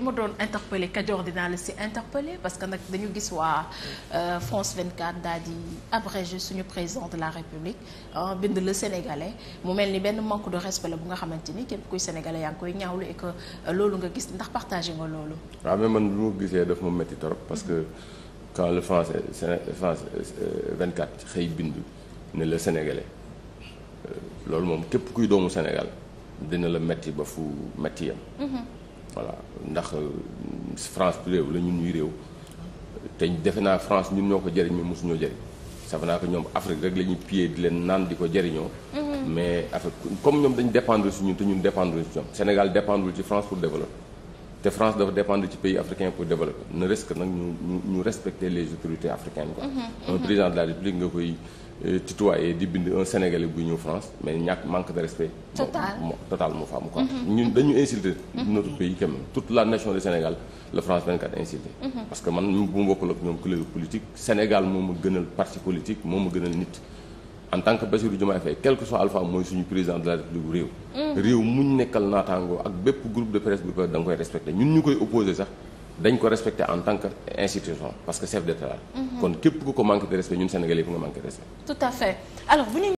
li ma doon interpellé Kajoor dinaa la si interpellé parce que nag dañu gis waa euh, France 24 daal di abrégé suñu président de la République euh, bind le sénégalais mu mel ni benn manque de respect la bu nga xamante ni képp kuy sénégalais yaa ngi koy ñaawlu et que euh, loolu nga gis ndax partagé nga loolu. waaw mais man bu ma gisee daf ma métti trop parce que quand le France France 24 xëy bindu ne le sénégalais loolu moom képp kuy doomu Sénégal dina la métti ba fu voilà ndax euh, France réew la ñun ñuy réew te defe naa France ñun ñoo ko jëriñ mais mosuñoo jëriñ safe naa ko ñoom Afrique rek la ñuy piyee di leen naan di ko jëriñoo mm-hmm. mais Afrique comme ñoom dañu dépendre si ñun te ñun dépendre ci ñoom Sénégal dépendre ci France pour développer te France dafa dépendre ci pays africain pour développer ne reste que nag ñu ñu respecter les autorités africaines quoi. Mm-hmm, mm-hmm. président de la République nga koy euh, tutoyer di bind un Sénégalais bu ñëw France mais ñàkk manque de respect. total moo total moo fa am quoi. Mm-hmm. ñun dañu insulter notre pays quand tout toute la nation du Sénégal la France 24 insulté. parce que man bu ma bokkul ak ñoom couleur politique Sénégal moo ma gënal parti politique moom ma gënal nit. en tant que Bassirou Diomaye Faye quel que soit Alpha mooy suñu président de la République réew. réew muñ nekkal naataangoo ak bépp groupe de presse bu da nga koy respecté ñun ñu koy opposé sax dañ ko respecté en tant que institution parce que chef d'État. Mhm. kon képp ku ko manqué de respect ñun Sénégalais yi fu nga manqué de respect. tout à fait